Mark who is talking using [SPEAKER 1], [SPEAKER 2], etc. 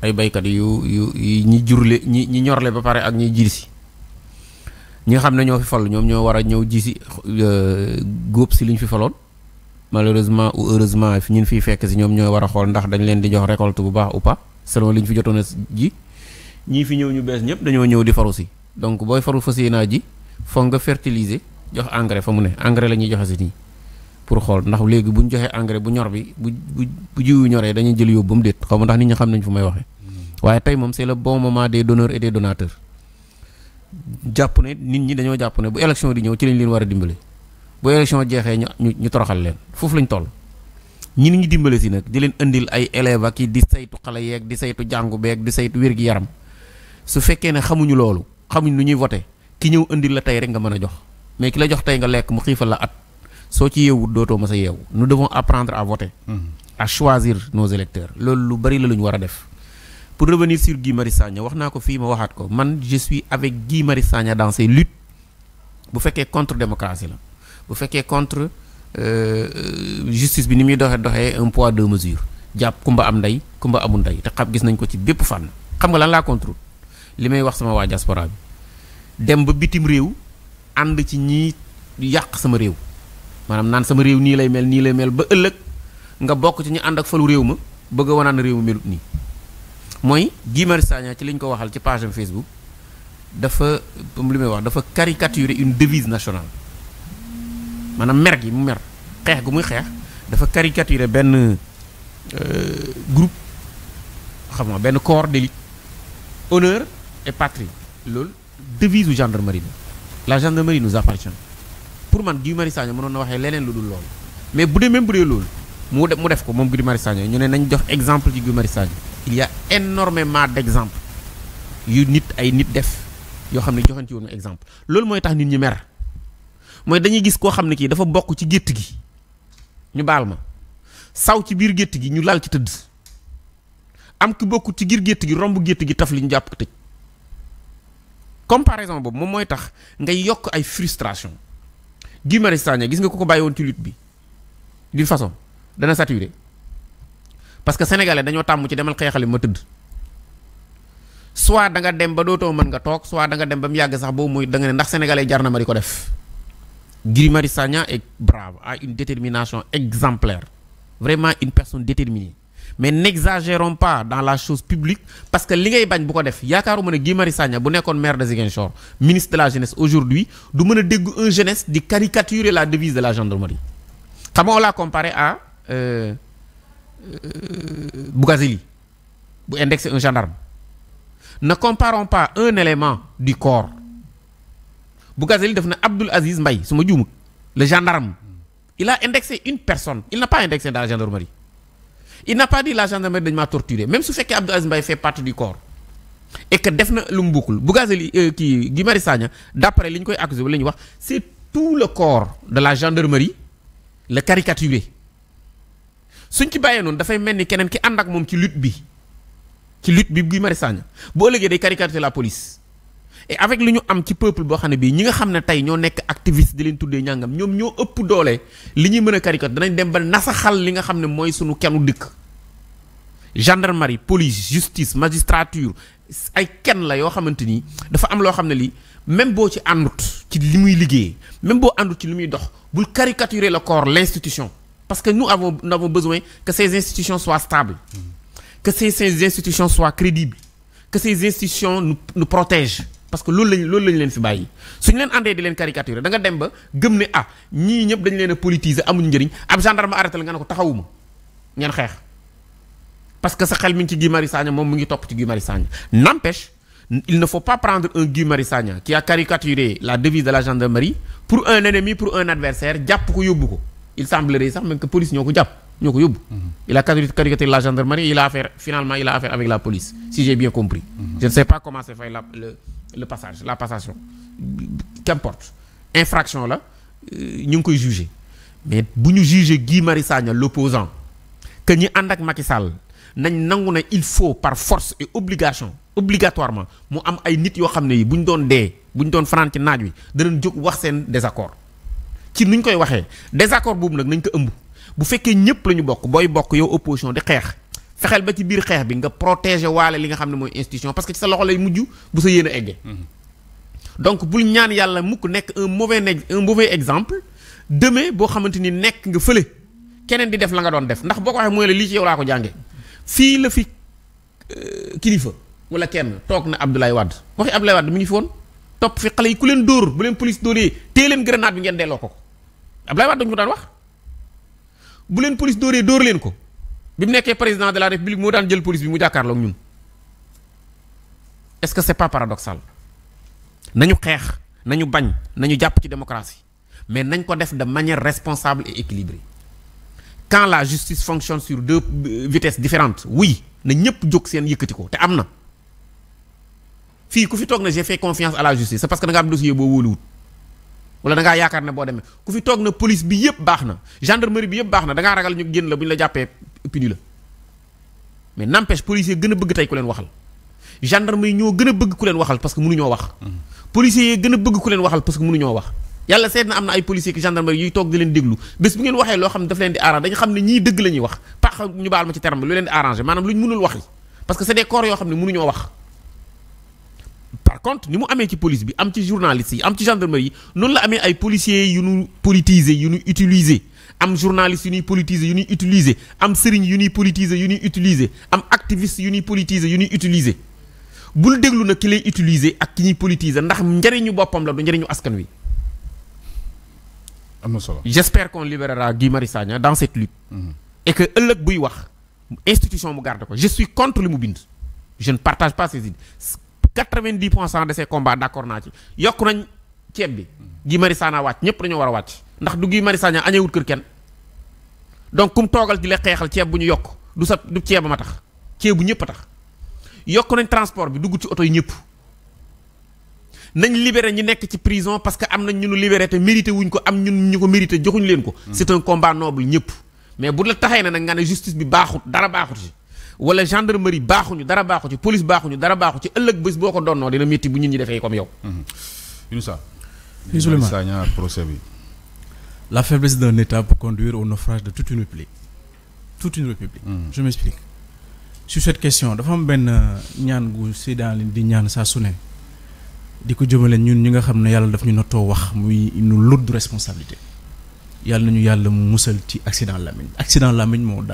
[SPEAKER 1] ay baykat yu yu ñi jurle ñi ñi ñorle ba pare ak ñi jiir si ñi nga xam ne ñoo fi fal ñoom ñoo war a ñëw jii si euh, góob si li ñu fi faloon malheureusement ou heureusement fi ñun fiy fekk si ñoom ñoo war a xool ndax dañu leen di jox récolte bu baax ou pas selon li ñu fi jotoon a ji ñii fi ñëw ñu bees ñëpp dañoo ñëw di faru si donc booy faru fas naa ji foog nga fertiliser jox engrais fa mu ne engrais la ñuy joxe si nii pour xool ndax léegi bu ñu joxee engrais bu ñor bi bu bu jiwu ñoree dañuy jël yóbbu ba mu déet xaw ndax nit ñi xam nañ fu may waxee waaye tey moom c'est le bon moment de donneurs et des jàpp ne nit ñi dañoo jàpp ne bu élection di ñëw ci lañ leen war a dimbale bu élection jeexee ñu ñu ñu toroxal leen foofu lañ toll. ñi ñu dimbale si nag di leen indil ay élèves ak di saytu xale yeeg di saytu jàngu beeg di saytu wér yaram su fekkee ne xamuñu loolu xamuñ lu ñuy voté ki ñëw indil la tey rek nga mën a jox mais ki la jox tey nga lekk mu xiifal la at soo ci yeewut dootoo ma sa yeewu nous devons apprendre à voter. Mm-hmm. à choisir loolu lu bari la lu ñu war a def. pour revenir sur Guy Marius wax naa ko fii ma waxaat ko man je suis avec Guy Marius Sagna dans ses luttes bu fekkee contre démocratie la bu fekkee contre euh, euh, justice bi ni muy doxee doxee un poids deux mesures jàpp kumba am ndey kumba amul ndey te xam gis nañ ko ci bépp fànn xam nga lan laa contre li may wax sama waa diaspora bi dem ba bitim réew ànd ci ñii yàq sama réew maanaam naan sama réew nii lay mel nii lay mel ba ëllëg nga bokk ci ñu ànd ak falu réew ma bëgg a wanaan réew mi nii mooy Guy Marius Sagna ci li ñu ko waxal ci page am Facebook dafa li may wax dafa caricaturer une devise nationale maanaam mer gi mu mer xeex gu muy xeex dafa caricaturer benn euh, groupe xam nga benn corps d'élite honneur et patrie loolu devise u gendarmerie la gendarmerie nous appartient pour man Guy Marius Sagna mënoon na waxee leneen lu dul loolu mais bu dee même bu dee loolu mu def mu def ko moom Guy Marius Sagna ñu ne nañ jox exemple ci Guy Marius Sagna il y a énormément d'exemples yu nit ay nit def yoo xam ne joxoon ci woon exemple loolu mooy tax nit ñi mer mooy dañuy gis koo xam ne kii dafa bokk ci gétt gi ñu baal ma saw ci biir gétt gi ñu laal ci tëdd am ki bokk ci giir gétt gi romb gétt gi taf li ñu jàpp ko tëj comparaison boobu moom mooy tax ngay yokk ay frustration Guy Marius Sagna gis nga ko ko bàyyi woon ci lutte bi d'une façon dana saturé parce que sénégalais dañoo tàmm ci demal xeexali ma tëdd soit da nga dem ba doo dootoo mën nga toog soit da nga dem ba mu yàgg sax boobu mooy da ne ndax sénégalais jar na ma ko def Guy Marius Sagna brave a une détermination exemplaire vraiment une personne déterminée mais n'exagérons pas dans la chose publique parce que li ngay bañ bu ko def yaakaaruma ne Guy Marius Sagna bu nekkoon maire de Ziguinchor ministre de la jeunesse aujourd'hui du mën a dégg un jeunesse di caricaturer la devise de la gendarmerie xam nga on l'a comparé à euh, Euh, Bougazeli bu indexer un gendarme ne comparons pas un élément di corps Bougazeli def na Abdoul Aziz mbay su ma juumut le gendarme il a indexé une personne il n'a pas indexé dans la gendarmerie il n'a pas dit la gendarmerie dañu maa torturé même su fekkee Abdoul Aziz Mbaye fait partie du corps et que def na lu mu bokkul Bougazeli euh, kii Guy Marius Sagna li ñu koy accusé ba la ñuy wax c'est tout le corps de la gendarmerie le caricaturé suñ ci bàyyee noonu dafay mel ni keneen ki ànd ak moom ci lut bi ci lutte bi Guy Marius Sagna boo ëllëgee day caricaturer la police et avec li ñu am ci peuple boo xam ne bii ñi nga xam ne tey ñoo nekk activiste di leen tuddee ñàngam ñoom ñoo ëpp doole li ñuy mën a caricature danañ dem ba nasaxal li nga xam ne mooy sunu kenu dëkk gendarmerie police justice magistrature ay kenn la yoo xamante ni dafa am loo xam ne lii même boo ci àndut ci li muy liggéey même boo àndut ci li muy dox bul caricaturer le corps l'institution Parce que nous avons, nous avons besoin que ces institutions soient stables, mmh. que ces, ces, institutions soient crédibles, que ces institutions nous, nous parce que loolu lañ loolu lañ leen fi bàyyi suñu leen àndee di leen caricature da nga dem ba gëm ne ah ñii ñëpp dañ leen a politiser amuñu njëriñ ab gendarme arrêté la nga ne ko taxawuma ngeen xeex parce que sa xel mi ngi ci Guy Marius Sagna moom mu ngi topp ci Guy Marius Sagna n'empêche il ne faut pas prendre un Guy Marius Sagna qui a caricaturé la devise de la pour un ennemi pour un jàpp ko yóbbu ko il semblerait sax même que police ñoo ko jàpp ñoo ko yóbbu. Mm-hmm. il a caricaturé la gendarmerie il a affaire finalement il affaire avec la police si j'ai bien compris. Mm-hmm. je ne sais pas comment se la passage la passation. qu'importe infraction la euh, ñu ngi koy juger mais bu ñu juger Guy Marius Sagna l'opposant que ñi ànd ak Macky Sall nañ nangu ne il faut par force et obligation obligatoirement mu am ay nit yoo xam ne yi bu ñu doon dee bu ñu doon fanaan ci ñu koy waxee désaccord boobu nag nañ ko ëmb bu fekkee ñëpp la ñu bokk booy bokk yow opposition di xeex fexeel ba ci biir xeex bi nga protéger waale li nga xam ne mooy institution parce que ci sa loxo lay mujj bu sa yéen a eggee. Mhm. donc bul ñaan yàlla mukk nekk un mauvais un exemple demain boo xamante ni nekk nga fële keneen di def la nga doon def ndax boo ko waxee mooy la lii ci yow laa ko jànge fii la fi euh, kilifa wala kenn toog na Abdoulaye Wade waxi Abdoulaye Wade mi ngi fi woon topp fi xale yi ku leen dóor bu leen police dóoree téye leen grenade bi ngeen delloo ko ko Abdoulaye Wade dañu ko daan wax bu leen police dóoree dóor leen ko bi mu nekkee président de la république moo daan jël police bi mu jàkkaarloog ñun est-ce que c'est pas paradoxal nañu xeex nañu bañ na ñu jàpp ci démocratie mais nañ ko def de manière responsable et équilibrée quand la justice fonctionne sur deux euh, vitesses différentes oui na ñëpp jóg seen yëkkati ko te am na fii ku fi toog na j'ai fait confiance à la justice c'est parce que da am wala dangaa yaakaar ne boo demee ku fi toog na police bi yëpp baax na gendarmerie bi yëpp baax na da ragal ñu génn la bu ñu la jàppee pini la mais n'empêche policier gën a bëgg tey ku leen waxal gendarmerie ñoo gën a bëgg ku leen waxal parce que mënuñoo wax mm-hmm. policier yi a bëgg ku leen wax yàlla seet na am na ay policier ki gendarmerie toog di leen déglu bés bi ngeen waxee loo xam ne daf leen di arrangé dañu xam ne ñii dëgg la wax pax ñu baal ma ci terme lu leen di arrangé par ni mu amee ci police bi am ci journalistes yi am ci gendarmerie yi noonu la amee ay policiers yu nu politiser yu nu utiliser am journalistes yu ñuy politiser yu ñuy utiliser am sëriñ yu nuy politiser yu ñuy utiliser am yu ñuy politiser yu ñuy utiliser bul déglu nag ki lay utiliser ak ki ñuy politiser ndax njëriñu boppam la du njëriñu askan wi. am na solo j'espère qu'on libérera Guy Marius Sagna dans cette lutte. Mmh. que ëllëg buy wax institution mu garde ko je suis contre li mu bind. je ne partage pas quatre-vingt-dix pour cent de ces combats d'accord naa ci yokk nañ ceeb bi Guy Marius Sagna wàcc ñëpp dañoo war a wàcc ndax du Guy Marius Sagna añewut kër kenn donc kum toogal di la xeexal ceeb bu ñu yokk du sa du ceeb ma tax ceeb bu ñëpp a tax yokk nañ transport bi dugg ci oto yi ñëpp nañ libéré ñi nekk ci prison parce que am nañ ñu nu libéré te mérité wuñ ko am ñun ñu ko mérité joxuñ leen ko. Hmm. c'est un combat noble ñëpp. mais bu la taxee ne nag nga ne justice bi baaxut dara baaxut yi wala gendarmerie baaxuñu dara baaxu ci police baaxuñu dara baaxu ci ëllëg bés boo ko donnoo dina métti bu nit ñi defee comme yow. Mm-hmm. Yunusa. Yunusa procès bi. la faiblesse d'un État peut conduire au naufrage de toute une république toute une république. Mmh. je sur cette question dafa am benn euh, ñaan gu Seydina Alioune di ñaan saa sune di ko jëmale ñun ñi nga xam ne yàlla daf ñu nottoo wax muy une lourde responsabilité yàlla nañu yàlla mu musal ci accident làmmiñ accident làmmiñ moo dal